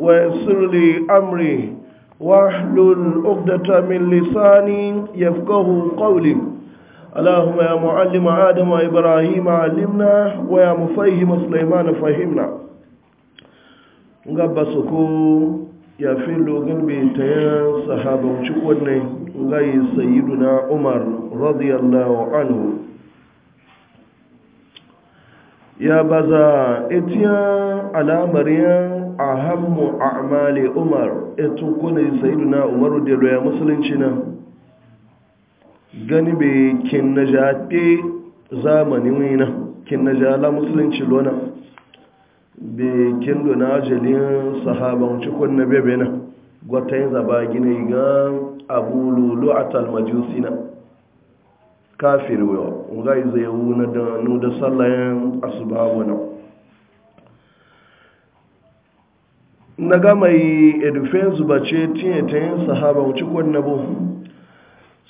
ويسر لي أمري واحلل عقدة من لساني يفقه قولي اللهم يا معلم آدم وإبراهيم علمنا ويا مفهم سليمان فهمنا ngabba su ko ya fi login bai ta yi sahabanci wannan gayi sayiduna umar radiyallahu anhu ya baza itiyan alamariyar ahammu a'mali umar eto kuna sayyiduna umar da roya musulunci na gani be kin najate zamani wina kin la musulunci lona be kin do na jalin sahaban cikon na bebe na gwatayin zaba gine ga abu lulu'atal majusina kafir na? ngai zai wuna da nu da sallayan na na gama yi edufen zubace tiye ta yin sahaba wuce kwanne bu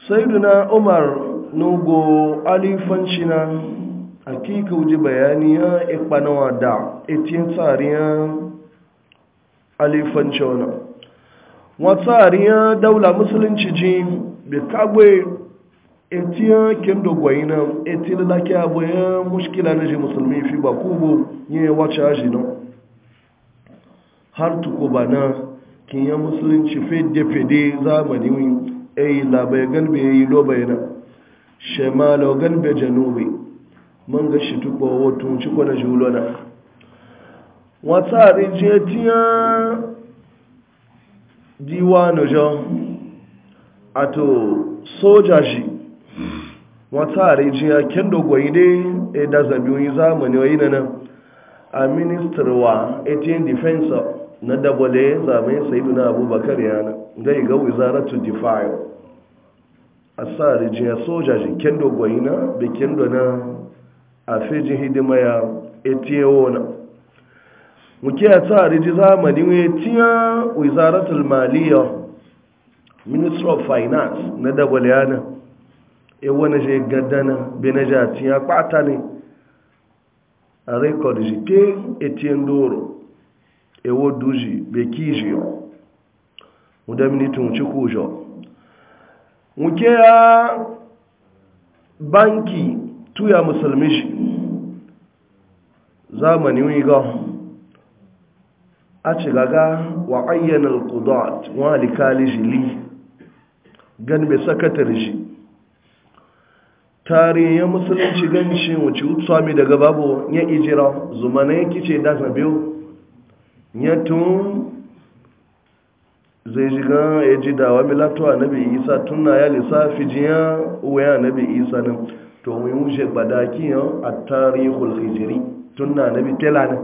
sai duna umar nugo alifanci na kika wuce bayani ya ikpanawa da etiyan tsariya alifanci wani watsariya daula musulunci ji bi kagbe etiyan kendo gwaina etiyan laki abu ya mushkila na ji musulmi fi ba kubo yin wace aji na har tuko ba na kinyan musulunci fede-fede zamani wani eyi eh, labai ya yi lobai na shemalo galbe janubi man ga shi tuko wato ciko na julona wata rijiya tiya diwa na jan ato soja shi wata rijiya kendo gwaide e eh, da zabiyoyi zamani wa yi na nan a minister wa defensor na dabale Sa'idu na abubakar yana zai ga wizaratu defile a sa rijiyar soja shi kendo gwaina da kendo na a fejin hidima ya etiyewo na muke a sa riji zamani ne tiya wizaratul maliyar minister of finance na dabale yana e wani shi gaddana benajar tiya kwata ne a rekod shi ke etiyen doro ewo duji bekiji muda miniti mu cikujo ya banki tuya musulmi shi zamani wiga a ci gaga wa ayyana kudat wa alikali jili gan bai sakatar shi tarihin musulunci shi wuce utsami daga babu ya ijira zumana kice da biyu yatun zai shiga ya ji dawa milatu a nabi isa tun na ya lissafi jiya waya nabi isa nan to mu wuce badaki yau a tarihul hijiri tun na nabi tela nan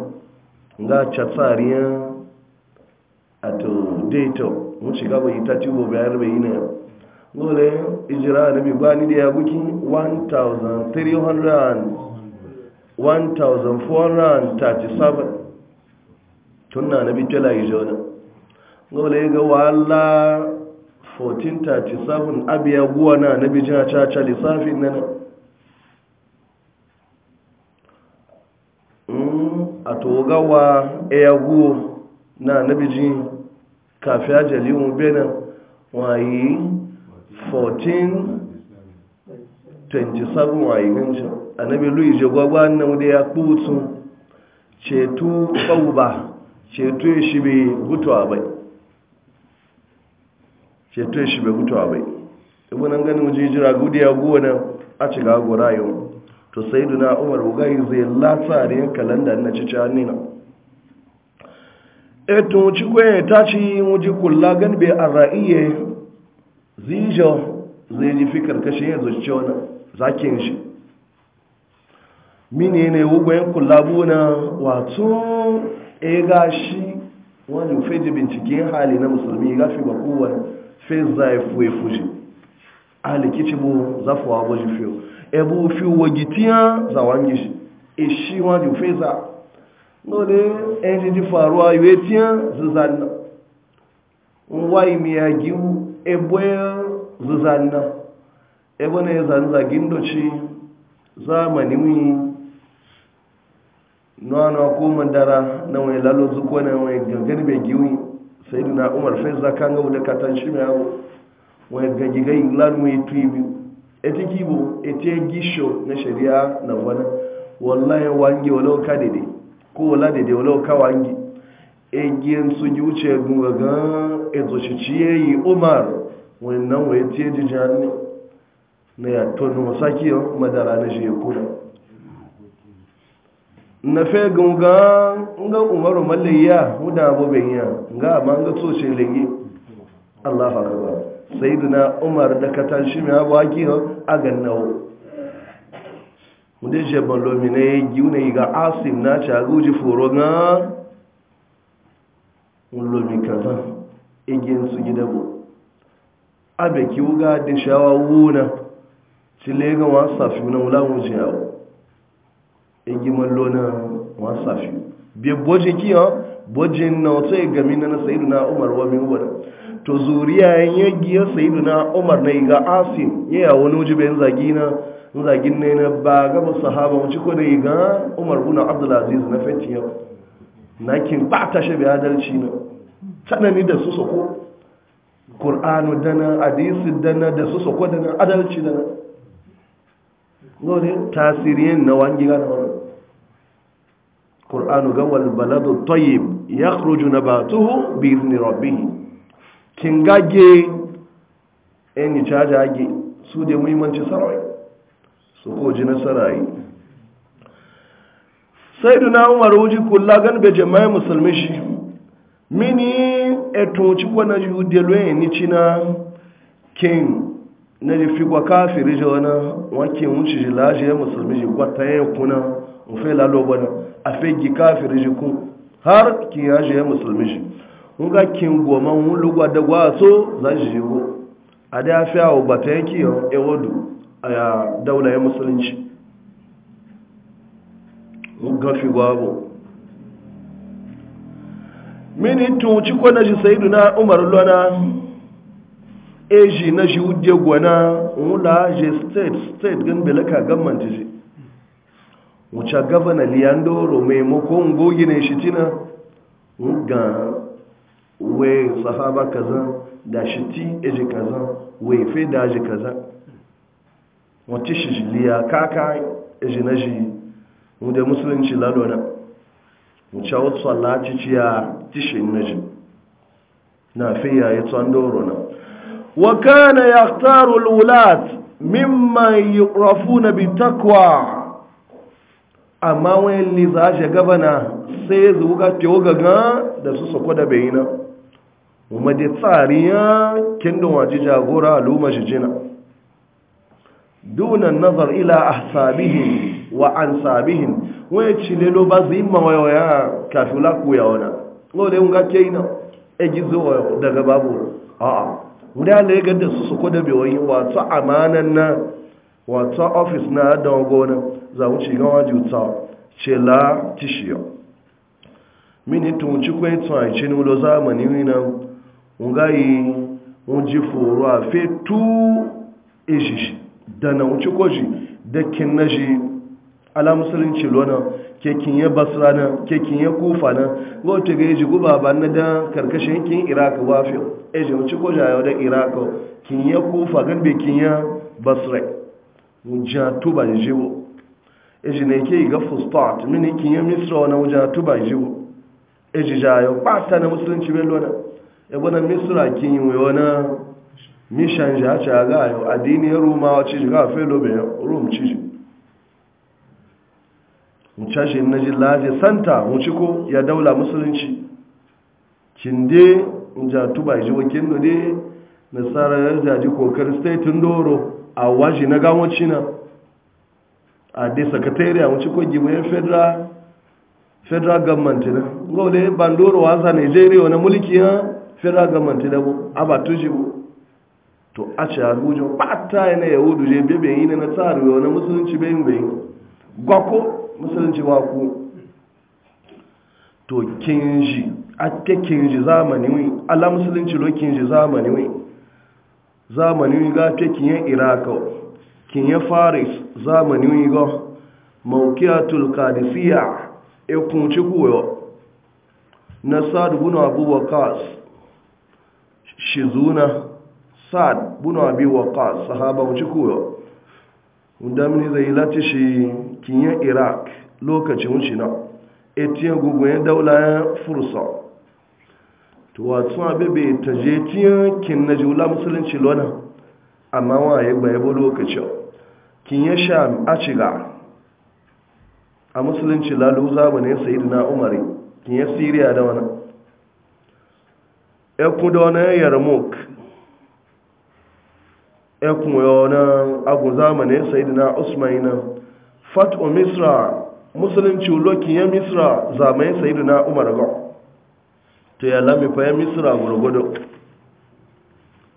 ga ya a to daito mu shiga bai ta ci gobe bai yi na gole ijira nabi ni da ya buki 1337 tun na nabi tela yi jona gole ga wala 1437 abiya guwa na nabi jina caca lissafi nan a togawa ya guwa na nabi jin hmm, e kafi ajali mu benin wayi 1427 wayi ganci annabi luyi jagwagwa nan da ya kutu ceto ƙauba ceto shi bai gutuwa bai ceto shi bai gutuwa bai ibu nan ganin wajen jira guwa nan a cika gora yau to sai duna umar bugai zai latsa da yin kalanda na cici hannuna eto wuci kwaye ta ci wuji kula gan bai an ra'iye zijo zai ji fi karkashin ya zuci wani zakin shi mini ne wugwayen kula buna wato e ga shi wani feji bincike hali na musulmi ga fi ba kowa fe zaifu e e ya fushi alikici bu zafuwa bu ji fiye ebu fi wagitiya za wange shi e shi wani fe za lole ẹni e ji faruwa yi wetiya zuzanna nwa imiyagi ebe zuzanna ebe na ya zanzagin doci zamanin nuna ko mandara na wani lalo zuko na wani gangani bai giwi sai na umar fai za kan gawo da katan shi mai yawo wani gagigai lalo mai tuyi biyu eti kibo eti gisho na shari'a na wani wallahi wangi walau ka dede ko wala dede walau ka wangi egiyan su gi wuce gungagan ezo shi yi umar wani nan wani tiye jijani na ya tonu masaki madara na shi ya kuma na fe gunga nga umaru mallayya muda bobenya nga ma nga tsoce lege Allahu akbar sayyidina umar da katan shi ma baki a gannawo mude na balomi yi giune ga asim na chaguji furo nga ulomi kaza igin su bu abe ga adin shawa wuna cilega wa safi na wula mu jiyawo igi lona na wasafi biya boje ha? boje na wato ya gami na sayidu na umar wa min wadda to zuriya yin yagi ya sayidu na umar na iga asim ya ya wani wuji bayan zagi na zagin ne na ba gaba sahaba wuce ko da iga umar buna abdulaziz na fetin yau na kin bata shi bai adalci na tsanani da su sako ƙur'anu dana hadisi dana da su sako dana adalci dana gode tasiriyan na wangi gana wani kur'anu ga baladu tayyib ya nabatuhu na bi izini rabbih kin gage yan yi caja su de muhimmanci sarai su ko ji nasara yi sayyiduna umar wuji kula gan bai jama'i musulmi shi mini eto ci wani yudelo lo eni china kin na ji fi kwa kafiri ji wani wankin wuce ji musulmi ji gwata ya ofe lalo wani a fegi kafiri shi ku har kin ya shi musulmi shi mun ga kin goma mun lugwa da gwaso za shi shi ku a da ya fi awo ba ta yake ya wadu e a ya daula ya musulunci mun gafi gwabo mini tuci kwana shi sayidu na umar lona eji na shi wuje gwana wula je state state gan belaka gamman ji wuce gavana liyandoro maimakon gogi ne shi tina ga wai sahaba kaza da shi ti eji kaza wai fe da ji kaza wata shi liya kaka eji na shi wuda musulunci lalona wuce wata tsallaci ciya tishin na shi na fi yayi e tsandoro na wa kana yaktaru lulat mimman yukrafuna bi takwa amma wani lizaje gabana sai zuwa tewo gaga da su sako da bayina kuma da tsariya kindin waje jagora luma shi jina dunan nazar ila a sabihin wa an sabihin wani cile lo ba zai mawaya kafin lakuya wana lode yunga ke yi na egizo daga babu a'a wadda ya ga da su sako da bayoyi wato amanan na wata ofis na dawa gona za wuce gawa juta ce la tishiyo mini tun ci kwai tun a ce nulo zamani nina un ji foro a fe tu ishi da na wuce kwaji da kin na shi ala musulunci lona ke ya basra na kekin ya kufa na gote ga yaji guba ba na dan karkashin kin iraka ba eji wuce kwaji a yau da iraka kin ya kufa gan be ya basra wujan tuba jiwo eji na ike iga start mini kinye misiri wani wujan tuba jiwo eji jayo kpata na musulunci belona na ebe na misra kinye wani mishan ji a aga ayo adini ya roma wa ciji ga fe lobe rom ciji mutashi na ji laje santa muciko ya daula musulunci kinde wujan tuba jiwo kindo dai nasarar yarda ji kokar state doro a waje na ga na a dai sakatari a wuce kogi mai federal federal government na gole bandoro wasa nigeria wani mulki ya federal government da bu tuji bu to a ce agujin bata na yahudu je bebe yi na tsari wani musulunci bai bai gwako musulunci waku to kinji ake kinji zamani wai ala musulunci lo kinji zamani wai zamanin yiga ta kinye iraka kinye faris zamanin yiga maukiyatul kadisiya e kunci kuwa na sa'ad bin abu waqas shizuna sa'ad bin abu waqas sahaba kunci kuwa mini zai lati shi kinye iraka lokacin wuce na etiyan gugu ya daula ya fursa tuwatsu abebe ta je tiyan kin na jula musulunci lona amma wa ya gba yabo lokaci kin ya sha a ciga a musulunci lalu zamanin sayidina umari kin ya siriya da wani ẹkùn da wani yarmouk ẹkùn yana agun zamanin sayidina usmaina fat'o misra musulunci lokin ya misra zamanin na umar gawa to ya lami fa ya misra gurgudu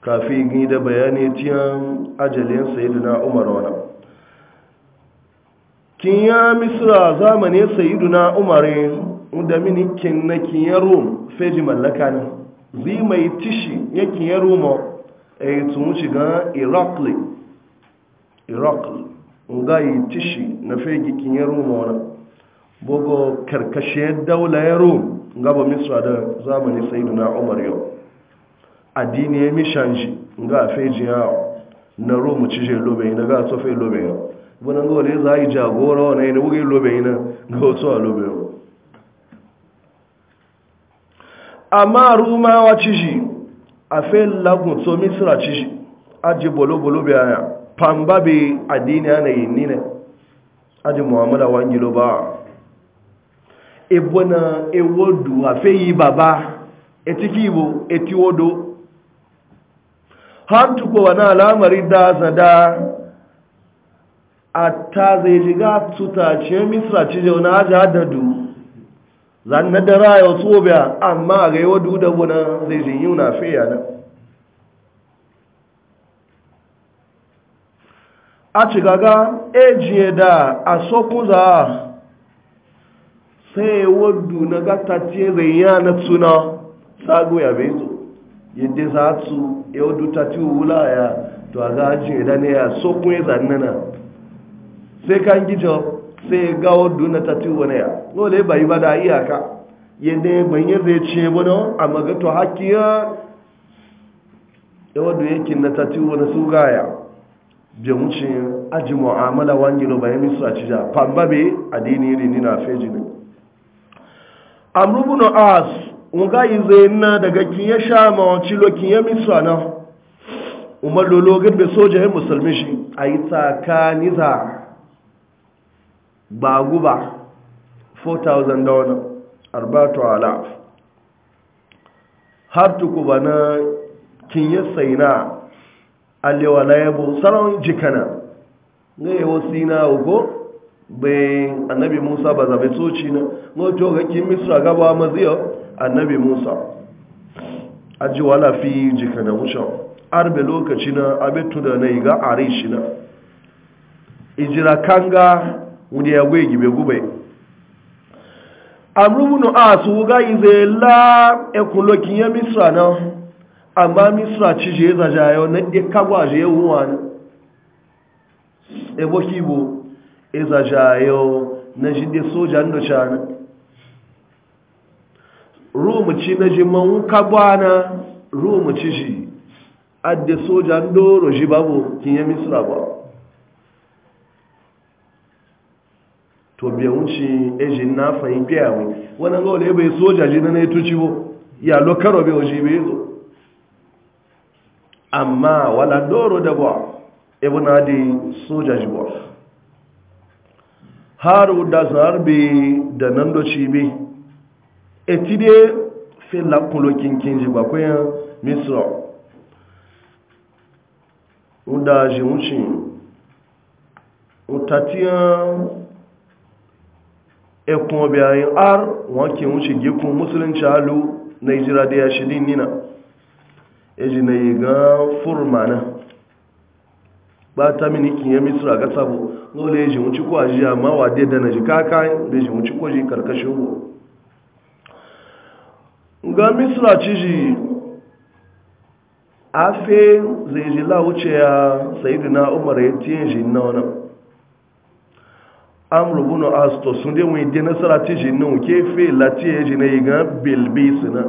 kafi gini da bayani tiyan ajalin sayiduna umar wani kin ya misra zamanin sayiduna umar da mini kin na kin ya rom feji mallaka ne zi mai tishi ya kin ya roma a yi tun shiga irakli irakli nga yi tishi na feji kin ya roma wani bugu karkashe daula ya gaba misra da zamani sai na umar yau addini ya nga shi feji ya na romu cije lobe na ga tofe lobe ya wani ga wani za a yi jagora wani yana wuge lobe na ga wasu a lobe ya amma rumawa ciji a fe lagun to misra ciji aji bolo-bolo biya pamba bi addini yana yi nina aji muhammadu wangilo ba ebona ewodu afeyi baba etikibo etiwodo hantu ko wana alamari da zada atta zai jiga tuta ce misra ci je wani aji adadu zan na dara ya wasu biya amma ga yi wadu da wani zai jin yi na fiya nan a ci gaga ejiye da a sokuza sai waddu na gata ce zai yana tsuna sago ya bai zo yadda za su ya waddu ta ci wula ya to a gajin idan ya so kun ya zannana sai kan gijo sai ya ga waddu na ta ci wani ya dole bai ba da iyaka yadda ya bayi zai ce wani a magato hakiya ya waddu kin na ta ci wani su gaya jamucin aji mu'amala wangilo bayan misu a cija pamba a dini rini na fejini amrubun as nga ize na daga kiye sha ma wanci lo kiye misana umar lolo gbe soja ya musulmi shi a yi tsakaniza ba guba 4,000 dollar arbato alaf har tuku ba na kinye saina alewa na yabo sarawun jikana ga yawo sina ugo bai annabi musa ba zabe soci na ngojo ga misra gaba a maziyo annabi musa aji wala fi jika na musha arbe lokaci na abetu da na iga shi na ijira kanga wunde ya gwe gibe gube a asu ga ize la ekulokin ya misra na amma misra ci e je zajayo na ikagwa je wuwa na ebo kibo iza jayo na ji de soja ndo chana rumu ci na ji man ka bwana rumu ci ji adde soja ndo ro ji babu kinye misra ba to biya unci eji na fayin biya mai wannan ga wale bai soja ji na ya tuci bo ya lokaro bai waje bai zo amma wala doro da ba e ibn adi soja ji ba har da zar be da nan do ci be etide fe la kulo kinkinji ba ko misra uda je mushi utatiyan ekun bi ayin ar won ki mushi gikun musulunci alu nigeria da ya shidin nina eji na yi ga furmana ba ta mini kin ya misra ga sabu dole ji mu ci ko aji amma wa dai da na ji kaka da ji mu ci ko ji karkashin mu ga misra ci ji afe zai ji la wuce ya sayyidina umar ya tiye ji na wannan amru bin asto to sun dai mu dai nasara ci ji nan ke fe latiye ji na yiga ga bilbis na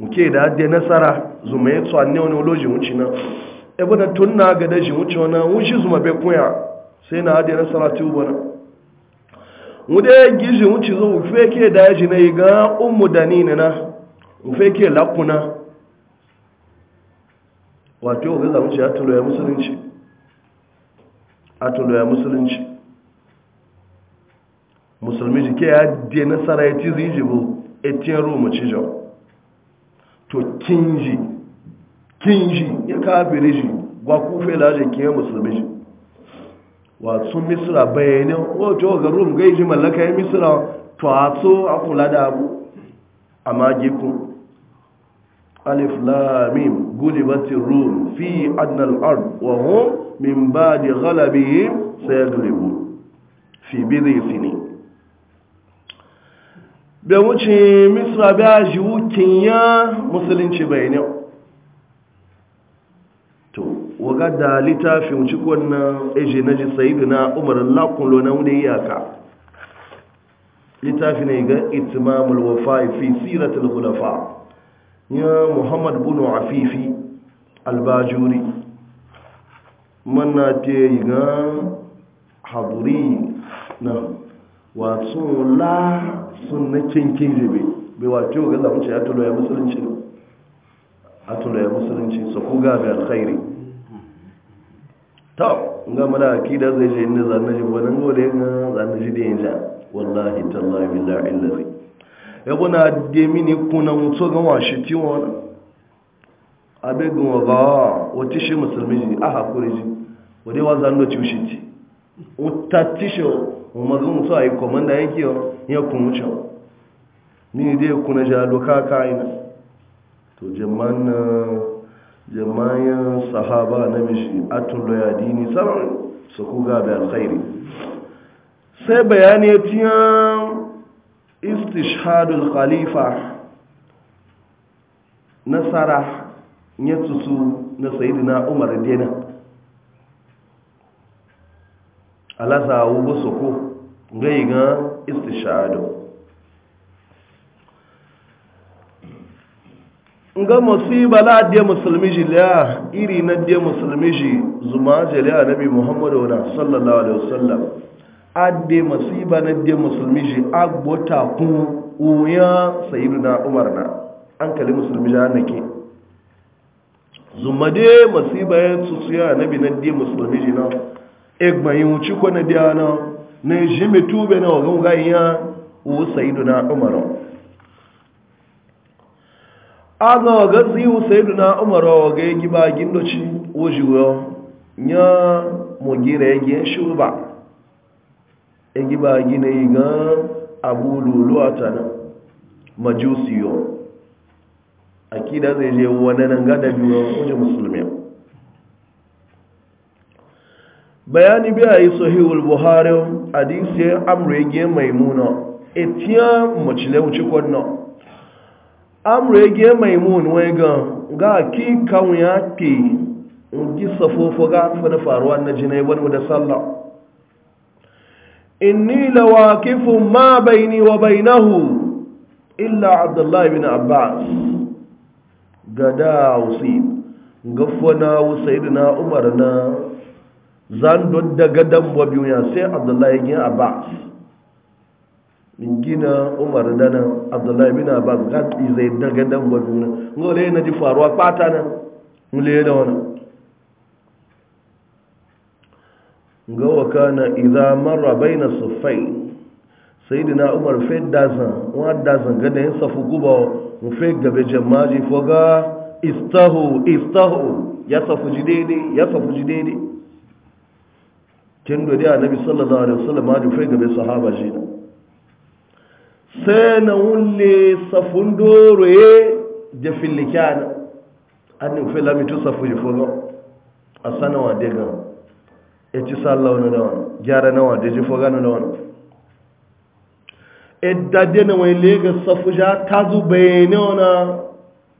mu ke da dai nasara zuma ya tsanne wani mu ci na ebe da tun na ga da shi wuce wani wuce zuma bai kunya sai na adiyar salati ubana wude gizi wuce zo ufe ke da ji na yi ga umu da ni na ufe ke lakuna wato yau gaza wuce ya tulo ya musulunci a tulo ya musulunci musulmi jike ya de nasara ya e ci zai jibo etiyar roma cijo to kinji kinji shi ya kafiri shi ba ku fela da ke musulmi shi sun misira bayanin wato ga rum gai shi mallaka ya misira to a so a kula da abu a magikun alif lamim batin rum fi adnal ard wa hum min ba da galabi sai galibu fi bizi sini bai wuce misira bai shi wukin ya musulunci bayanin waga da littafin cikon na eje na ji sayi na umar lona na wani iyaka littafi ne ga itimamul wafa fi siratul hulafa ya muhammad bunu afifi albajuri manna te yi ga haduri na wato la sun na kinkin jibe bai wato ga zamuci ya tulo ya musulunci a tulo ya musulunci su kuga da alkhairi to nga mala da zai je inda zanna ji wannan gole na zanna ji din ja wallahi tallahi billahi allazi ya na de mini kuna mutso ga washi ti wona abegun oga wati shi musulmi ji aha kuri ji wode wa zanno ci shi ti utatisho umazu mutso ai komanda yake yo ya kumucho mini dai kuna jalo kaka ina to jamanna jama'in sahaba na mishi atullo ya dini saman su kuga da alkhairi sai bayani ya tiyan istishadul khalifa nasara ya tutu na na umar dina alasa ba su ku gai ga nga musiba la de musulmi ji la iri na de musulmi ji zuma jaliya nabi muhammadu wa sallallahu alaihi wasallam adde musiba na de musulmi ji agbota kun uya sayyidina umar na an kali musulmi ji annake zuma de musiba ya tsuya nabi na de musulmi ji na egba yin wuci ko na de na na jimi tube na wa ga ya o sayyidina umar aga oga tsiwu saidu na umaru oga ya giba gindoci wujiwo ya mugira ya gyan shi ba ya giba gina yi ga abu luluwa ta na majusiyo akida zai je wani nan gada biyu wajen musulmi bayani biya yi sahihul buhari hadisi amru egi gyan maimuna etiyan macilewu cikon nan amurege maimun wai ga ga ki kawo ya ke ki safofo ga fana faruwa na jinai wani da sallah inni lawakifu ma baini wa bainahu illa abdullahi bin abbas gada usi gafwana usaidina umar na zan don gadon dabba ya sai abdullahi bin abbas gina umar dana abdullahi bin abbas ga zai daga dan babuna ngole na ji faruwa kwata na ngole da wani ga wa kana idza marra bayna suffai sayyidina umar fe dazan wa dazan ga da yin safu guba mu fe gabe jamaji foga istahu istahu ya safu ji daidai ya safu ji daidai kin nabi sallallahu alaihi wasallam ma ju fe gabe sahaba shi sai na wule safun doro ye da filikiyana an nufi lamitu safu jifogo a sanawa daga ya ci sallawa na dawa gyara nawa da jifoga na dawa idade na wai lega safu ja ta zube ne wana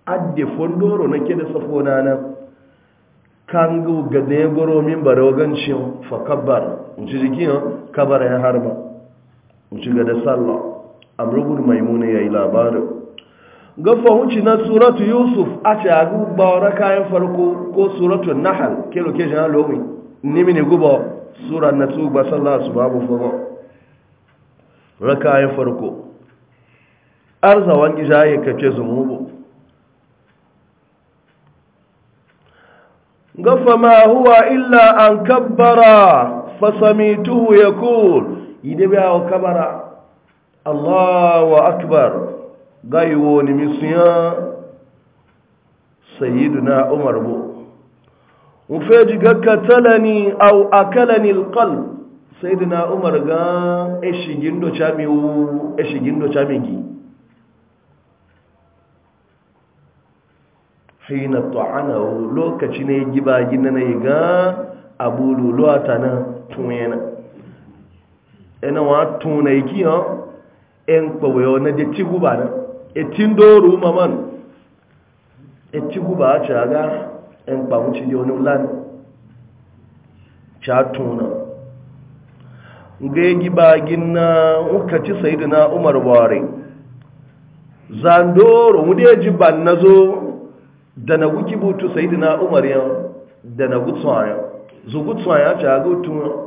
adde fondoro na ke safu na na kan ga ne ya goro min ba rogancin fa kabbar Mu ci jiki kabara ya harba Mu ci ga da sallah amrubun maimuna ya yi labarin gafa hunci na suratu yusuf a ce a gubawar kayan farko ko suratu nahal ke na lomi nimi ne guba sura na tuba sallah su babu fago rakayen farko arzawan gija ya kace zumubu gafa ma huwa illa an kabbara fasamituhu ya kul yi dabi a kabara allahu akbar gaiwo ni misiya sayyiduna umar bu mufeji ga katalani au akalani alqal sayyiduna umar ga eshigin do chami u eshigin do chami gi hina ta'ana lokaci ne giba gina ne ga abulu lota na tunena Ina wa tunai kiyo en kwawayo na da ci guba na etin doru maman eti guba a caga en kpamuci da wani ulan catuna ga yi gibagin na ukaci sayidu na umar buhari zandoro mu da ji ban na zo da na wuki butu sayidu na umar yau da na gutsuwa yau zugutsuwa ya caga tuwa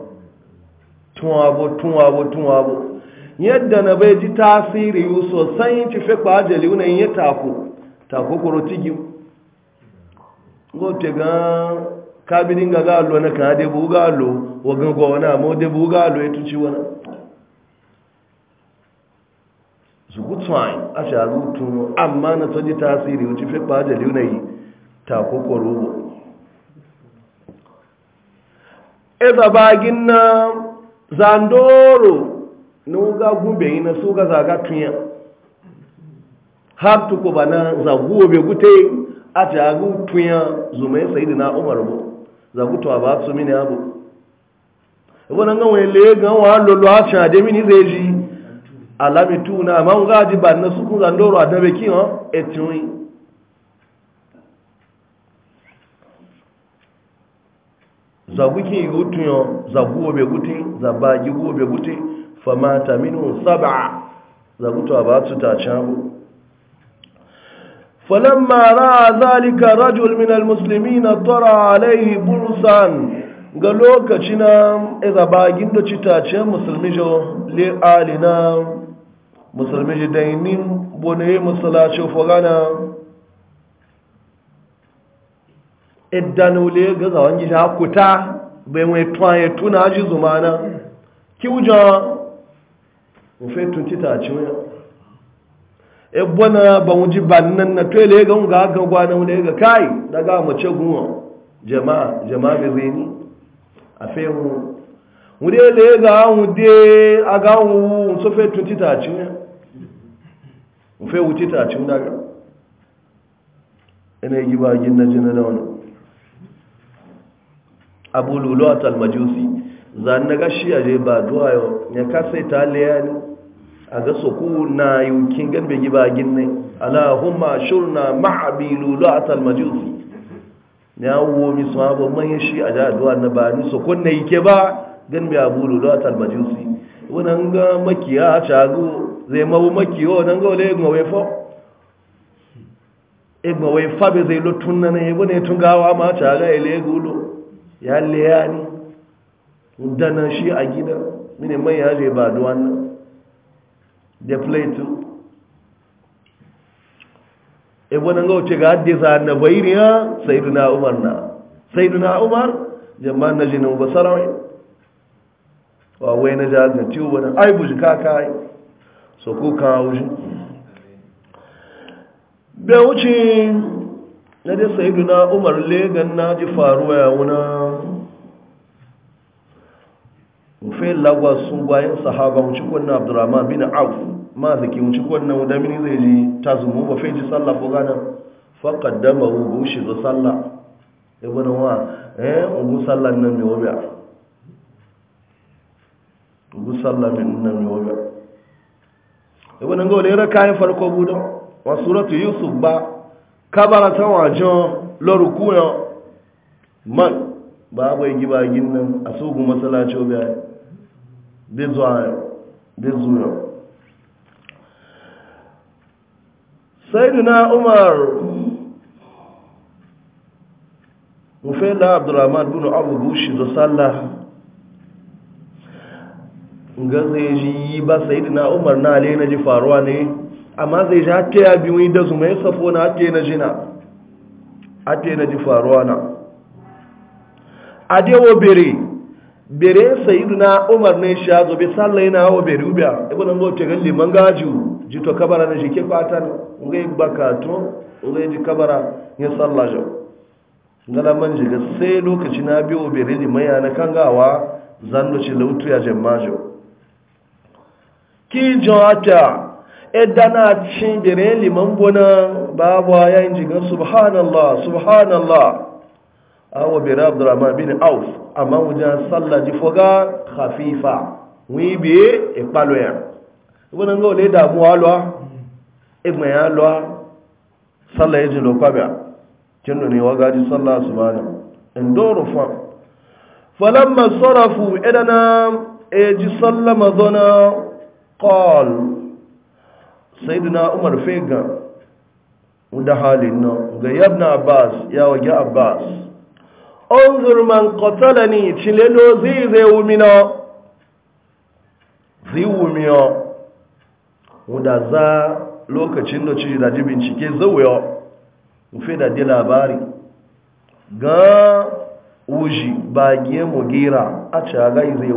tuwa bo tuwa bo tuwa bo yadda na bai ji tasiri sosai ci fi kwajali wunan ya tako tako kuro tigi gote ga kabinin ga galo na kan debu galo ma gagwa wani amma debu galo ya tuci wani su gutsuwain a sharu tunu amma na tsoji tasiri wuce fi kwajali wunan yi tako kuro eza bagin na zandoro nuga gumbe yi na suga zaga tunya har tuku bana na zaguwa bai gute a jagu tunya zumai sayidu na umar bu zagutuwa ba su mini abu wannan gan wani le gan wa lolo a can ade mini zai ji alami tuna amma n gaji bana su suku zandoro a dabe ki hàn etinwi zagu ki yi gutun yau zaguwa bai gute zabagi guwa bai gute famata minu sab'a za ku ba su ta cabu falamma ra'a zalika rajul min na tara alayhi bursan ga lokaci na izabagin e ta citacen musulmi jo le alina musulmi ji dainin bone musulacin fogana idanu e le ga gida kuta bai mai ya tuna ji zumana ki ofe tun ti ta ci wani e bona ba mu ji bannan na tele ga ga ga gwana mu ga kai daga mu ce guwa jama'a jama'a be zini a fe mu mu de le ga mu de aga mu so fe tun ti ta ci wani mu fe wuti ta ci daga ina yi ba gin na jina da wani abu lulu atal majusi zan na gashi aje ba duwa yau ya kasa ta leya ne a ga soku na yukin gan giba ginne alahumma shurna ma'abilu la'atal talmajusi. ya wo mi su abu man shi a jaduwa na ba ni soku na yake ba gan bai abu la'atal majusi wannan ga makiya a cago zai mabu makiyo nan ga wale gwawe fa e fa bai zai lutun nan ne tun gawa ma caga ile gulu ya le ya ni dana shi a gida mini mai ya je ba duwan nan da plato ebo uh, nan gauce ga haddisa na bayiriya sayyiduna umar na sayyiduna umar jaman na jinin basarai wa wai na jihar tiwo na, ai buji kaka yi so ko kan haushi bai wuce na dai sayyiduna umar legan na ji faruwa ya rufe lagwa sun bayan sahaba mu cikin wannan abdurrahman bin auf ma zaki mu cikin wannan da mini zai ji tazumu ba fai ji sallah ko gana fa qaddama hu shi zo sallah ibn wa eh ugu sallah nan mi wabiya ugu sallah min nan mi wabiya ibn ngo le raka farko budo wa suratu yusuf ba kabara ta wajo loruku yo man babu yi gibagin nan a sugu masalacin obi Bin zuwa bezuwa na umar rufela abdurrahman bin abu shi da sallah ga zai ji yi ba na umar na ale na ji faruwa ne amma zai ji hake ya biyu da zuma ya safo na hake na jina hake na ji faruwa na adewo bere bere na umar ne shi ya zobe sallai na hawa bere ubiya ibu nan gote ga liman gaju jito kabara na shi ke fatan ngai bakato ngai ji kabara ya salla jau ngala man ji sai lokaci na biyo bere liman ya na kangawa zando ci lautu ya jemma jau ki jawata edana cin bere liman bona babu ya inji subhanallah subhanallah awa bere abdurrahman bin aus. amma wajen sallah ji foga khafifa wi biye ipalo ya ibn ngo le da mu alwa ibn ya alwa sallah ji lo kwabia jinno ne waga ji sallah subhana ndoro fa falamma sarafu idana e ji sallah madona qal sayyidina umar fega da halin nan ga yabna abbas ya waje abbas انظر من قتلني تشللو زي زي ومنا zai wumiyo wadda za lokacin da ci da ji bincike zauwa mufe da di labari ga uji bagiye mugira a cagai zai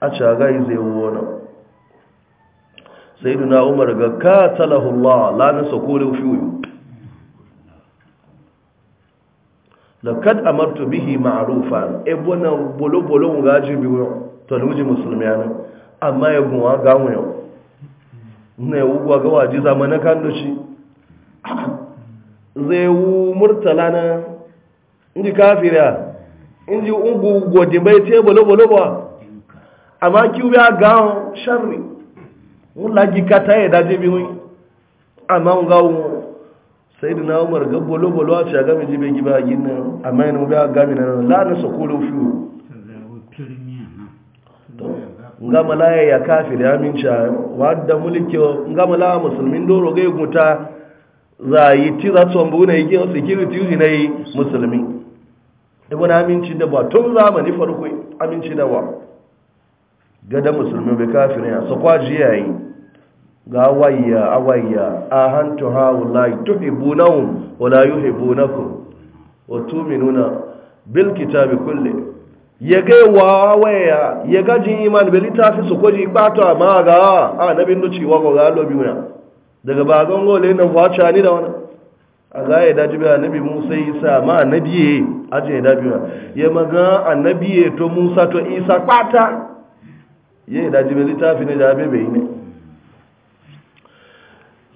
a cagai zai wona sai duna umar ga katalahu Allah la fiye lakad amartu bihi ma'rufa e bona bolo bolo nga ji bi to ni ji musulmi amma ya gun wa ga wo ne ugwa ga waji zamana kan do shi zai wu murtala na inji kafira inji ugu godi bai te bolo bolo ba amma ki wa ga sharri mun lagi kata ya daje bi mun amma ga wo sai da nawamar ga bolo-bolo a shaga mai jibe giba a gina a mai na wuga gami na nan lana sakolo fiye nga malaya ya kafir ya min sha wadda mulki nga malaya musulmin doro ga iguta za a yi ti za su ambu na yi security yi na yi musulmi ibn aminci da ba tun zamani farko aminci da ba ga musulmi bai kafir ya sakwaji kwaji yayi ga wayya waya a hantu ha haulayi tuhibunahum wala yuhibunakum wa tu'minuna bi kulle. kulli yi wa wayya yaga jin iman bil tafi su koji a ma ga annabi ndo ci wa ko ga lobi wuna daga ba gon gole nan faca ni da wani a ga ya daji bi annabi Musa Isa ma annabi aje ya dabi ya maga annabi to Musa to Isa kpata. ya da bil tafi ne da bebe ne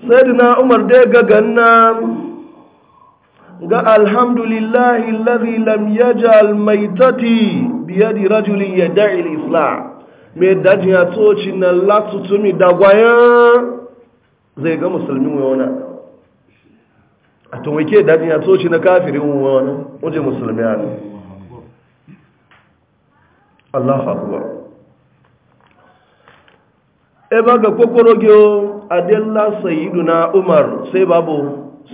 sayyidina umar dai ga ganna ga alhamdulillahi alladhi lam yaj'al maitati bi yadi rajulin yad'i al-islam me daji ya toci na latutumi dagwaya zai ga musulmi wani a tumwake daji ya toci na kafirin wani waje musulmi ne Allahu akbar ebe ga kokoro gị adịla sayiduna umar sai babu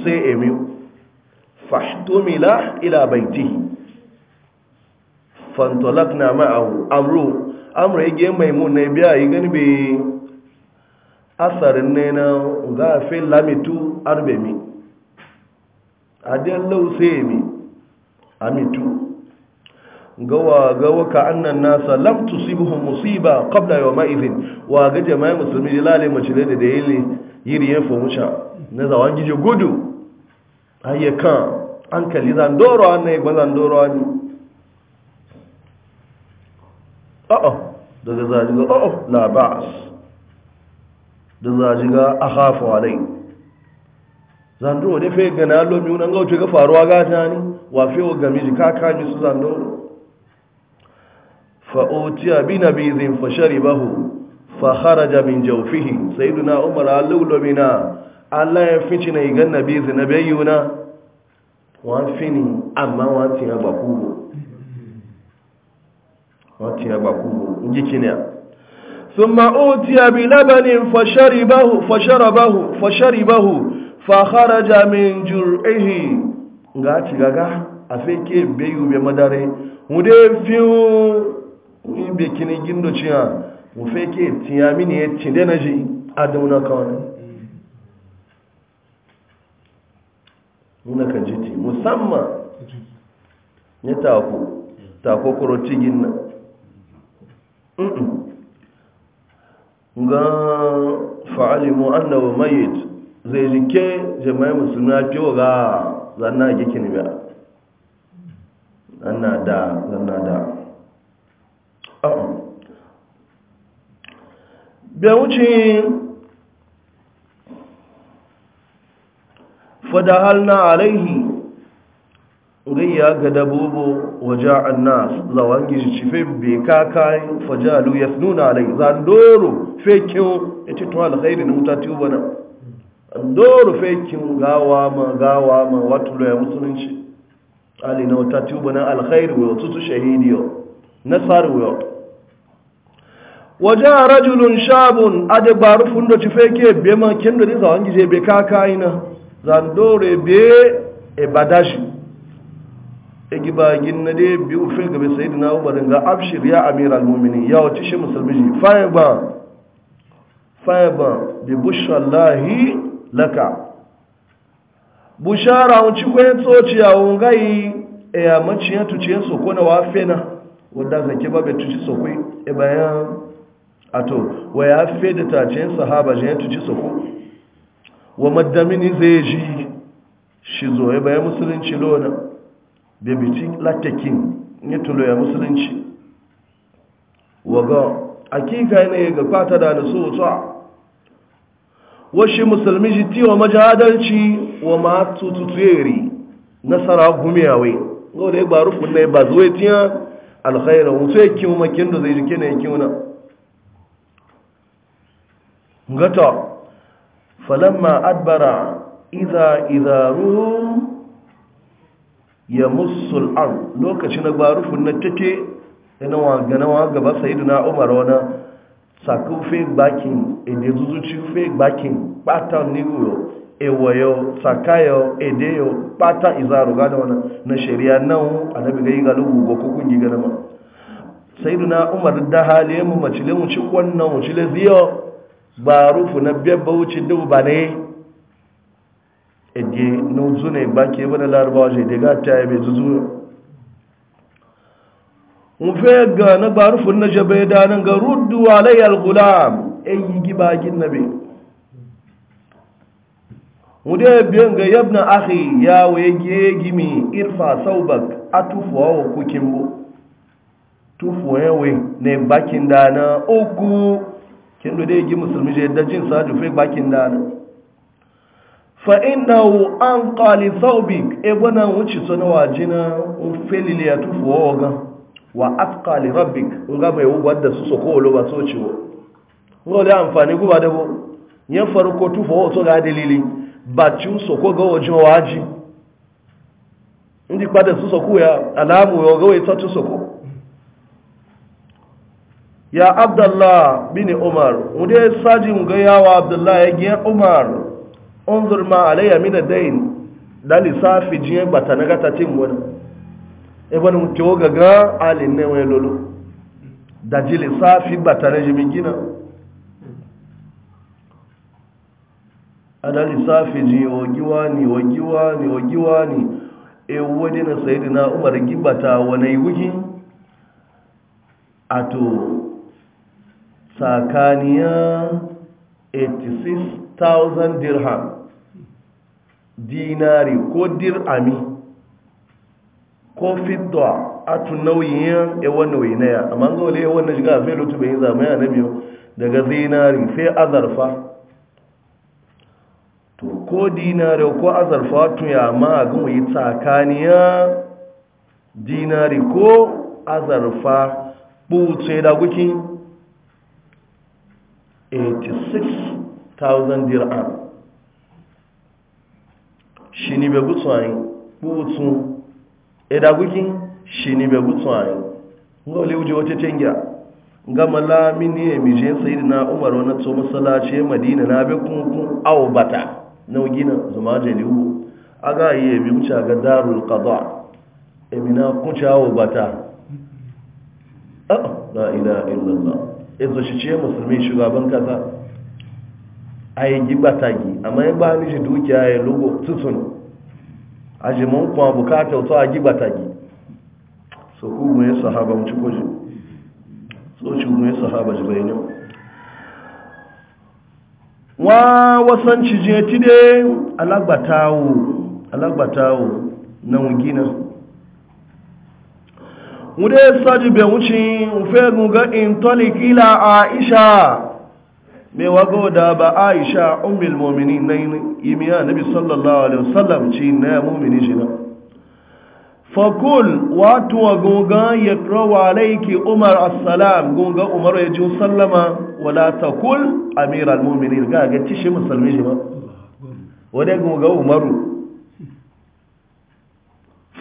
sai emiu fahtumila ila baiti fantolak na ma'ahu amru amru ege maimun na biya yi gani bi asarin ne na gafe lamitu arbemi adịla sai emi amitu gawa gawa ka annan nasa lam tusibuhum musiba qabla yawma idhin wa ga jama'a musulmi lalle mace da da yili yiri ya musha na zawan gije gudu ayya ka an kalli zan doro an ne ba doro an a a daga zaji ga a a la ba'as da zaji ga akhafu alai zan doro ne fe ga na lomi unan ga wuce ga faruwa gata ne wa fe wa miji ka kanyi su zan doro fa'otiya bi na bizin fashari bahu faharaja min jaufihi sai duna umar alulomina allah ya fi cina igan na bizin na bayyuna wọn fi ni amma wọn ti ya bakuru wọn ti ya bakuru in ji kiniya sun ma'otiya bi labanin fashari bahu fashari bahu faharaja min jur'ihi ga ci gaga a fi ke bayu bai madare wude fiye ni be kini gindo cewa mu feke tiya mini ya e tinde na ji a dauna kawai nuna ka jiti musamman ya tako tako kuroti ginna ga fa'alimu annawa mayit zai jike jama'i musulmi a fiye ga zanna gikin biya zanna da zanna da bai wuce na alaihi riya ga dabobo waje annas zawon gishi cife bai kakayin fajalu ya nuna alaihi zandoro fekin ya ce tun alkhairi na mutati ubana zandoro fekin gawa ma gawa ma watu ya musulunci ali na mutati ubana alkhairi wa tutu shahidiyo nasaru yau wajen rajulun shabun ade gbaru fundo ci feke beman ma kendo di zawon gije be kaka ina zandore be e badashi e giba ginna de bi ufe ga be sayyidina Umar ga abshir ya amir al-mu'minin ya wace shi musulmi ji fayba fayba bi bushrallahi laka bushara un ci kwen tsoci ya ungai e amaciya tuciyen sokona na fena wanda zake ba be tuci sokoi e bayan ato wa ya fi da tacen sahaba jan tuci su ku wa madamini zai ji shi zoye bayan musulunci lona bebiti latakin ya tulo ya musulunci wa ga akika ne ga kwata da na so tsa wa shi musulmi ji tiwa majadarci wa ma tututuyeri nasara gumiyawai ga da ya gbaru kunna ya ba zuwa tiya alkhairu mutu ya kiwo makin da zai jike na ya kiwo na gata falamma adbara iza izaruhu ya musul an lokacin na barufun na take yana wa gaba sayidu umar wana sakufi bakin ede zuzuci fe bakin pata niwuyo ewayo sakayo edeyo patan izaru gada wana na shari'a nan annabi ga yi galubu ba kukun yi gana ma umar da halayen mu macile mu ci wannan, mu ci ziyo. ba rufu na biyar baucin dubu ba ne ege na wuzu ne ba ke wani larabawa shi daga ta yi mai zuzu fi ga na ba rufu na shabe da nan ga ruddu alayyar gulam eyi gibagin da ya biyan ga yabna ahi ya waye gimi irfa saubak a tufuwa wa kukin bu tufuwa yawai na bakin da na uku kendo dai gi musulmi je da jin sa jufe bakin da na fa innahu an qali thawbik e bona wuci sona wajina un felili ya tufu oga wa atqa li rabbik nga bai da su soko lo ba so ciwo ngo le amfani guba da bo yan farko tufu o so ga dalili ba ci soko ga wajin waji ndi kwada su soko ya alamu yo ga wai ta soko ya abdullah bin umar mude sajin ga yawa abdullah ya giya umar unzur ma alayya min ad-dain da lisafi jiye bata na ta tin wani ibn e mutiyo gaga alin ne wani lolo da ji lisafi bata e na jimin gina ada ji jiye wagiwa ni wagiwa ni wagiwa ni ewu wani na sayidina umar gibata wani wuji ato tsakaniyar 86,000 dirham dinari ko dirami ko fidda a tunauyin yawon e nauyi na ya amma zaune yawon e na shiga a fai lutu bai yi zamaya na biyu daga zinari sai azarfa to ko dinari ko azarfa tun ya ma gama yi tsakaniyar dinari ko azarfa buce da gukin 86,000 dirham shi ni bai gutsu ayin gutsu edagugin shi ni bai gutsu ayin ga wale wuje wace tengiya ga malami e ne ya mije sayi na umar wani to masalace madina na bai kunkun aubata na gina zama jaliwu a ga yi ya bi wuce ga darul qada emina kunci aubata ah, la ila illallah ezo shi ce musulmi shugaban kasa a yi gibatagi amma ya ba ni shi dukiya ya logo tutun a jimin kuma bukata wato a gibatagi so ku mai sahaba mu ci koji so shi mai sahaba ji bai ne wa wasan cije tide alagbatawo alagbatawo na wugina mude saji be wuce ufe ga in kila la aisha me wago da ba aisha ummul mu'minin nan na bi sallallahu alaihi wasallam ci na mu'mini shi na fakul watu wa ga ya wa alaiki umar assalam guga umar ya ji sallama wala takul amir al-mu'minin ga ga shi musulmi shi ba wadai guga umaru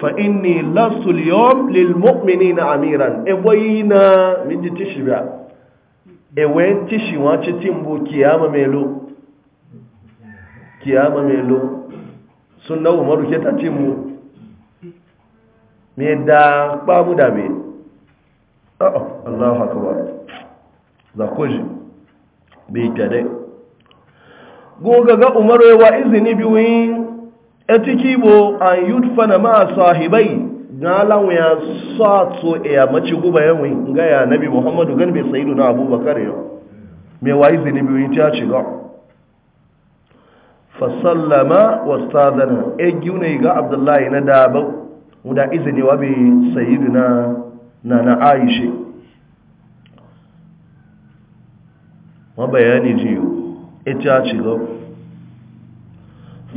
fa inni lastu na lil mu'minina amiran eboyina minji tishi ba ewe tishi wa ci timbo kiyama melo kiyama melo sun na umaru ke ta timbo me da kpamu da me a'a allahu akbar zakoji bai tare goga ga umaru wa izini biyu etiki bo an yudfana ma sahibai galan e ya sa to ya mace guba ya wai nabi muhammadu gan bai sayidu na abubakar ya me e abdullahi na daba izini wa bi sayidu na na na jiyo ci e ga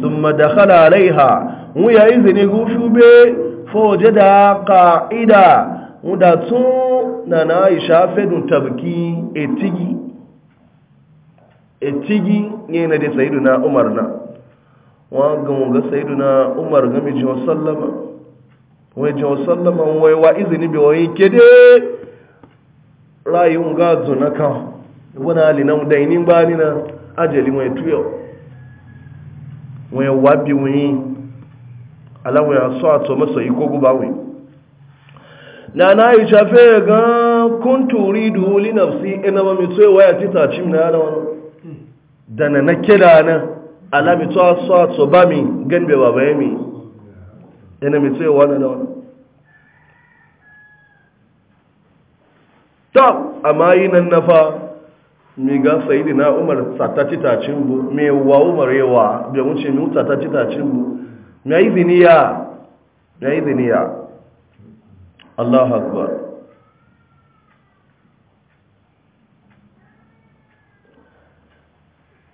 summa dakhala alaiha mu ya izini gushu be foje da ka'ida mu da tun na na aisha fedun tabki etigi etigi ne na da sayyiduna umar na wa ga mu ga sayyiduna umar ga mi jiwa sallama wai jiwa sallama wai wa izini bi wai kede rayun ga zuna kan wani alinan dainin ni na ajali mai tuyo wọn yẹ wá bí wọn yìí aláwọ̀ yà sọ àtọ̀ mọ́sọ̀ yìí kó gúbá wọn nana aisha fẹ́ gan kuntu ridu li nafsi ina ba mito yawa ya tita cim na yana wani da na na kira na ala mito sọ àtọ̀ bá mi gan bẹ baba ya mi ina mito yawa na wani ta amma yi nan na fa mi ga sayidi na umar tsata ta bu me wa umar yawa bai wuce mi tsata citacin bu mi yi ziniya mi yi ziniya Allahu akbar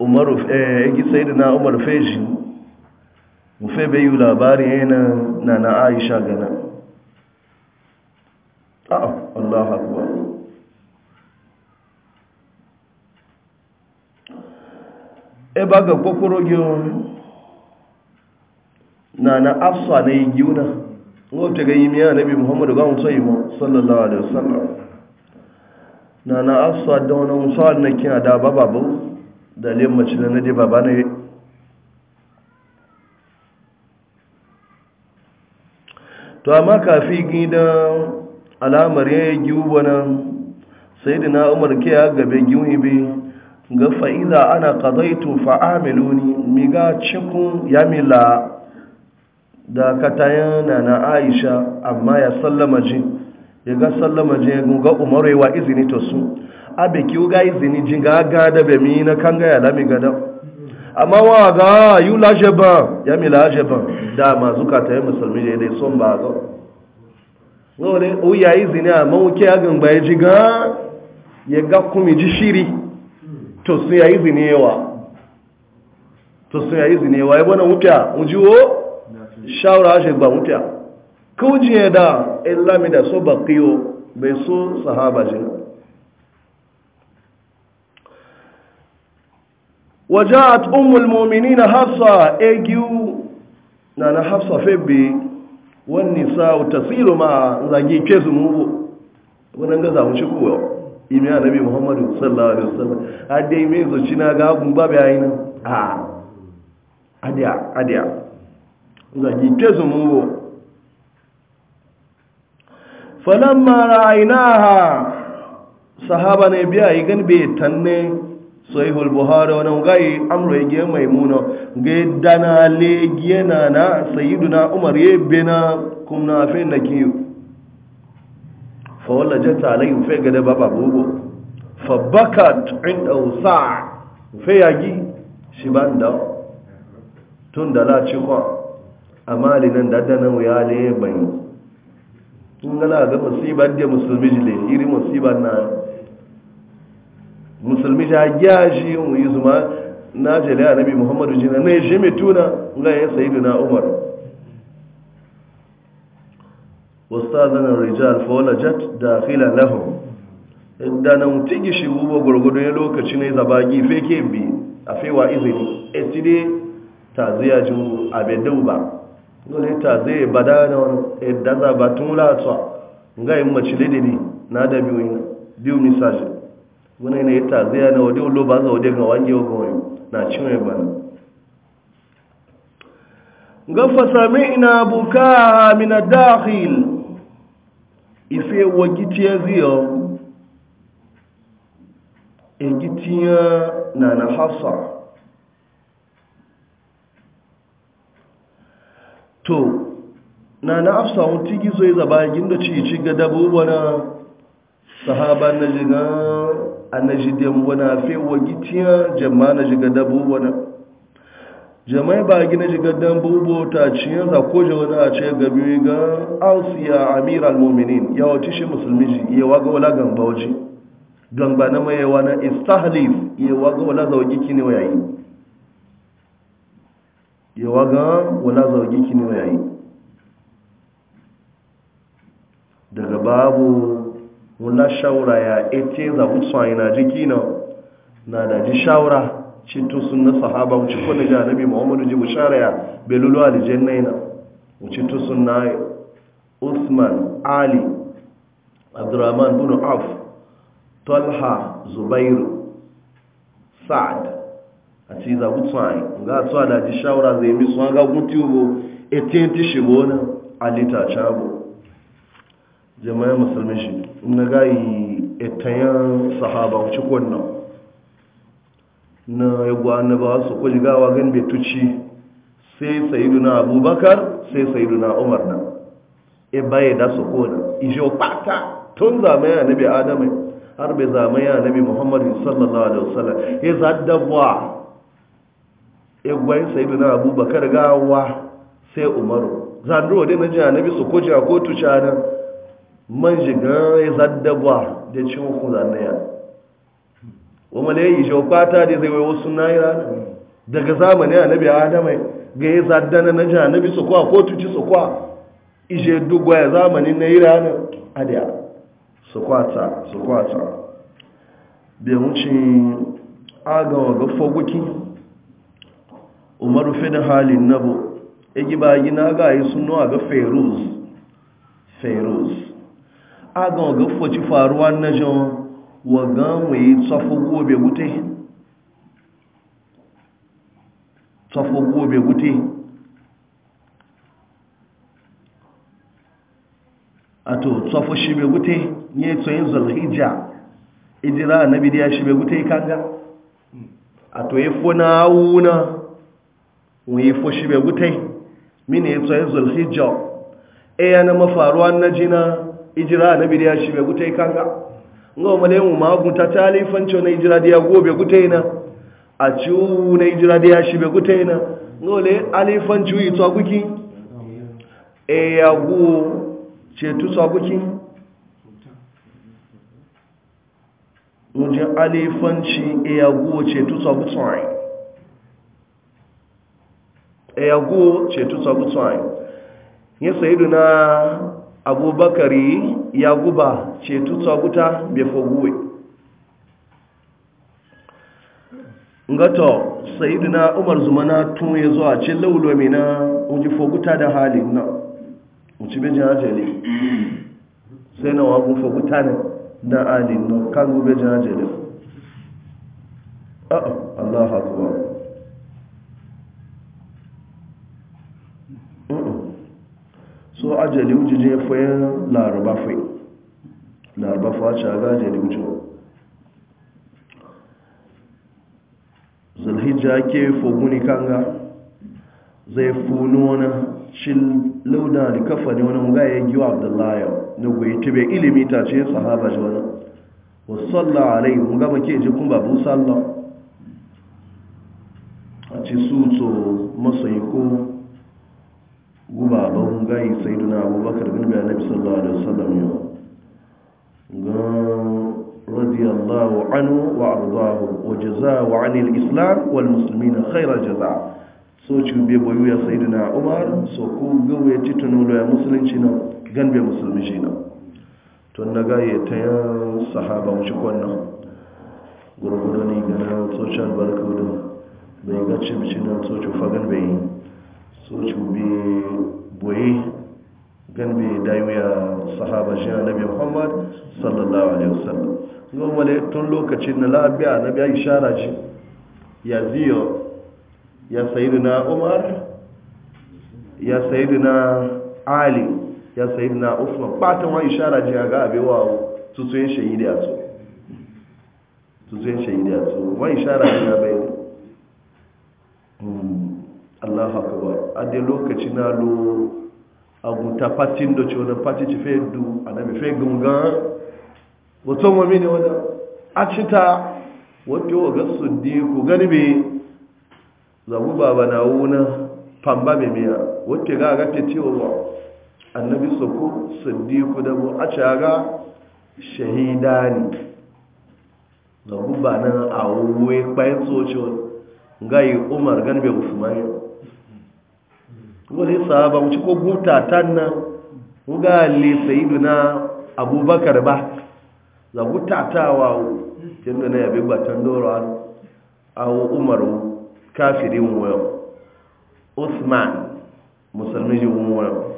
Umar eh gi na umar feji mu fe labari yana na na Aisha gana a'a ah, Allahu akbar ebe ga kwakwaro gị um, na na afsa na yi giuna ngote ga yi miya muhammadu ga musa sallallahu alaihi wasallam na na afsa na wani na kina da baba babu da liyan mace na nade baba na to amma kafi gida alamar ya yi giu bana sai da na umar ke ya gabe giwu ibe ga fa'iza ana kadaitu fa'amiluni miga cikin yamila da katayana na aisha amma ya sallama jin ya ga sallama jin ya ga umaru wa izini to su abe ki ga izini jin ga gada bai mi na kan ga ya lami gada amma wa ga yi laje ba yamila laje ba da ma zuka ta musulmi ne dai son ba ga lole o ya izini amma ke ga gba ji ga ya ga kuma ji shiri to sun yayi zinewa to sun yayi zinewa ya bana mutya ujiwo shawara shi ba mutya kawujiye da ilami da so bakiyo bai so sahaba jina وجاءت أم المؤمنين حفصة إيجيو نانا حفصة فبي والنساء تسيل مع زجي كيزمو وننقذها ونشكوه imi nabi muhammadu sallallahu alaihi wasallam hadde imi zuci na ga gun ba bai aina a adiya adiya ga ji tezu mu bo falamma ra'ainaha sahaba ne biya yi gan bai tanne sahihul buhari wani gai amro yage maimuna ga dana le na na sayyiduna umar yebena kuma na fe na kiyo fawalla jata alai ufe gada baba bobo fa bakat inda usa fe yagi shi ban da tun da la ci kwa amali nan da dana wuya le bai tun gala ga musiba da musulmi jile iri musiba na musulmi ja gyaji yi zuma na jale Rabi muhammadu jina na shi mai tuna ga ya na umar wastazana rijal fawlajat dakhila lahum inda na mutigi shi buba gurgudu ya lokaci ne zabagi fake bi a fewa izini etide ta zai ji abedau ba dole ta zai bada na wani edda za ba tun latsa ga yin mace lidini na da biyu na biyu misaji wani ne ta zai na wade ulo ba za wange wa gawai na cinwe ba ga fasami ina buka min dakhil ife wagitie zio egitia na na hasa to na na afsa wuti gizo ya zaba da ci ci ga dabo wana sahaba na jiga annaji dem wana fe wagitia jama'a na jiga dabo wana jamai ba gina shigaddan bubu ta ciyar ko koje wani a ce gabi ga ausiya amir al-mominin ya wace shi musulmi ji ya waga wala gamba wace gamba na mai yawa na istahlif ya waga wala zaugi kini wayayi ya waga wala zaugi kini wayayi daga babu wala shawara ya ete za kusa na jikina na na da ji shawara cinto sunna sahaba wuce ko daga annabi muhammadu ji bushara ya belulu aljanna ina wuce to sunna usman ali abdurrahman bin auf talha zubairu sa'd a ci za ayi. ga tsuwa da ji shawara zai mi tsuwa ga gutu ubo etin ti e shigo na alita chabo jama'a musulmi shi na yi etayan sahaba wuce ko na yagwa annaba su kwaji gawa gan betuci sai na abubakar sai sayiduna umar na e baye da su kona ijo pata tun zamaya nabi Adamu har bai zamaya nabi muhammadu sallallahu alaihi wasallam ya e zaddabuwa e gwayin na abubakar gawa sai umaru zanduwa dai na ji annabi su kwaji a kotu canan man jiga ya zaddabuwa da cin hukun ya kuma ya yi shakwata da zai wayo suna yi rana daga zamanin annabi adama ga ya zaddana na ji annabi su kwa ko tuci su kwa ije dugwa ya zamani na yi rana a da su kwata su kwata bai wuce agawa ga fagoki umaru fi halin nabo igi ba gina ga yi suna ga feroz feruz agawa ga faci faruwa na jama'a wa ganwe yi tsafo gobe gute tsafo gobe gute a to tsafo shi be gute ne tsoyin zulhijja ijira annabi da ya gute kanga ato to yi fona wuna wa yi fo gute mini tsoyin zulhijja e yana mafaruwa na jina ijira annabi da ya shi be gute kanga nga male mu ma guta talifan cho na hijira dia gobe gutaina a ciwu na hijira dia shi be gutaina nga le alifan ciwu yi tsagu ki e ya go ce tu tsagu ki muje alifan ci e ya go ce tu tsagu tsai e ya go ce tu tsagu tsai ya sayyiduna abubakari ya guba cetu tsaguta bai faguwe ngato na umar zumana tun ya zuwa ce laulomi na uji faguta da halin na uci bejin ajali sai na wagun faguta ne da halin na kan gube jin ajali a'a allah so ajali ujije fayin laraba fai laraba faci ga ajali ujo zulhijja ke foguni kanga zai funu wani cin lauda da kafa ne wani muga ya giwa abdullahi na goyi tibe ilimi ta ce sahaba ji wani wasu sallah alai muga ba ke ji kun babu sallah a ci su to masoyi ko guba ban gayi sai duna abubakar bin bayan nabi sallallahu alaihi wasallam ya ga radiyallahu anu wa arzahu wa wa anil islam wal na khairar jaza so ci be boyu ya duna umar so ko gawe ci tunulo ya musulunci na ganbe musulmi shi na tun na gaye ta yi sahaba wuce kwanan kwannan gurgudu ne ga social barcode bai gace ci bici na so ci fagan bai yi so bi boye ganbe daiwuya sahaba shi annabi muhammad sallallahu alaihi wasallam goma male tun lokacin na labiya na biya ishara shi ya ziyo ya sayidu na umar ya sayidu na ali ya sayidu na usman batan wa ishara ji a ga abewa tutsuyin shahidi a su tutsuyin shahidi a su wa ishara ji na Allah a da lokaci na lo agunta patin do ci wannan pati ci fe du na fe gunga wato mu a ci ta wato ga di ku gani be zabu baba na wuna famba mai miya wato ga ga te ciwo ba annabi soko suddi ku da bu a ga shahidani zabu ba na awuwe kwayin wani ngai umar gani be usmani wani sahaba wuce ko guta tan nan wuga le sayidu na abubakar ba za guta ta wa kin da na yabe batan doro an awo umaru kafirin wayo usman musulmi ji wayo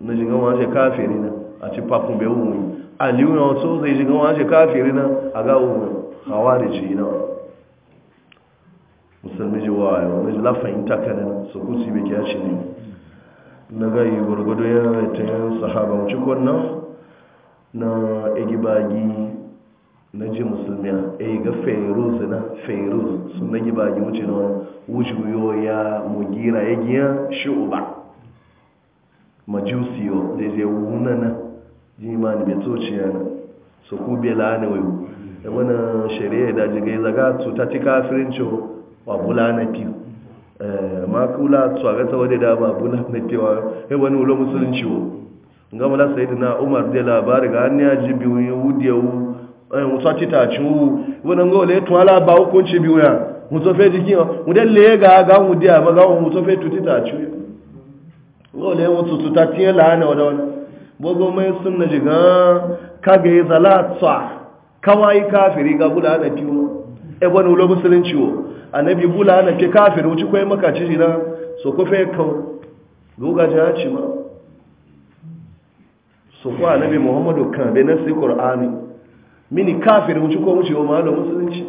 na jigan wace kafiri na a ci fakun bai wuyi aliyu na wasu zai jigan wace kafiri na a ga wuyi hawa da ci na wani musulmi ji waye wani lafayin takanin su kusi bai kya ci ne na gayi gwargwado ya ta yin sahaba wuce kwanan na egibagi na ji musulmi a ga feiruz na feiruz sun na gibagi wuce na wuce ya mugira ya giya shi'uba majusiyo da zai wuna na jima ne bai toci yana su ku bela ne wayo da wani shari'a da jigai zaga su ta ti kafirin ciwo Eh, wa bula na fi ma kula tsaga ta wadda da ba bula na fi wa ya wani wula musulunci wa ga mula sai na umar da labari ga an ya ji biyu ya wudi ya wu musa ci ta ci wu eh, wani ga wale tun ala ba hukunci biyu ya musa fe jikin mu da le ga ga mu da ma ga musa fe tuti ta ci wu wale musu tuta tiye la'ana wa da wani bogo mai sun na jiga kage zalatsa kawai kafiri ga bula na fi wa ya wani wula musulunci wa annabi bula na ke kafin wuce kwaye makaci shi na so ku fe kawo goga ji haci ma so ku annabi muhammadu kan bai na sai ƙor'ani mini kafin wuce ko wuce wa ma'adar musulunci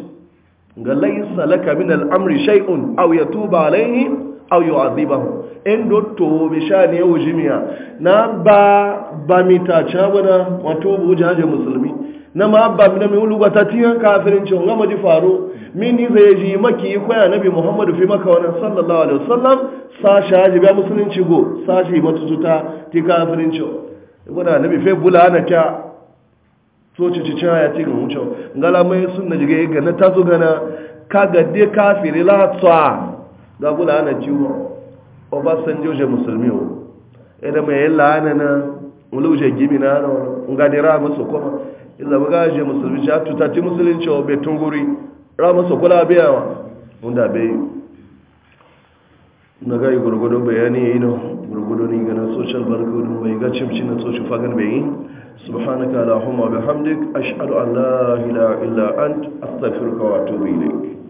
ga laisa laka min al'amri shay'un aw yatuba alayhi aw yu'adhibahu in do to bi shani yau jimiya na ba ba mita chabana wato bujaje musulmi na ma abba mina mi ulu gwata tiyan kafirin cin gama ji faru min ni zai ji maki yi kwaya nabi muhammadu fi maka wani sallallahu alaihi wasallam sashi haji biya musulunci go sashi matututa ti kafirin cin gwada nabi fai bula na kya so ci cicin ya ti ga wuce ngala mai sun na jiga ga na taso gana ka ga de kafiri la tsa da bula na jiwo obasanjo je musulmi o ida e mai la'ana na uluje gimi na na musu kuma iza buga je musulmi cha tutati musulunci wa betunguri rama sokola biyawa wanda bai na gai gurgudu bayani ya yi no gurgudu ni gana social barkudu mai ga cimci na tsoci fagan bai yi subhanaka allahumma bihamdik ashhadu an la ilaha illa ant astaghfiruka wa atubu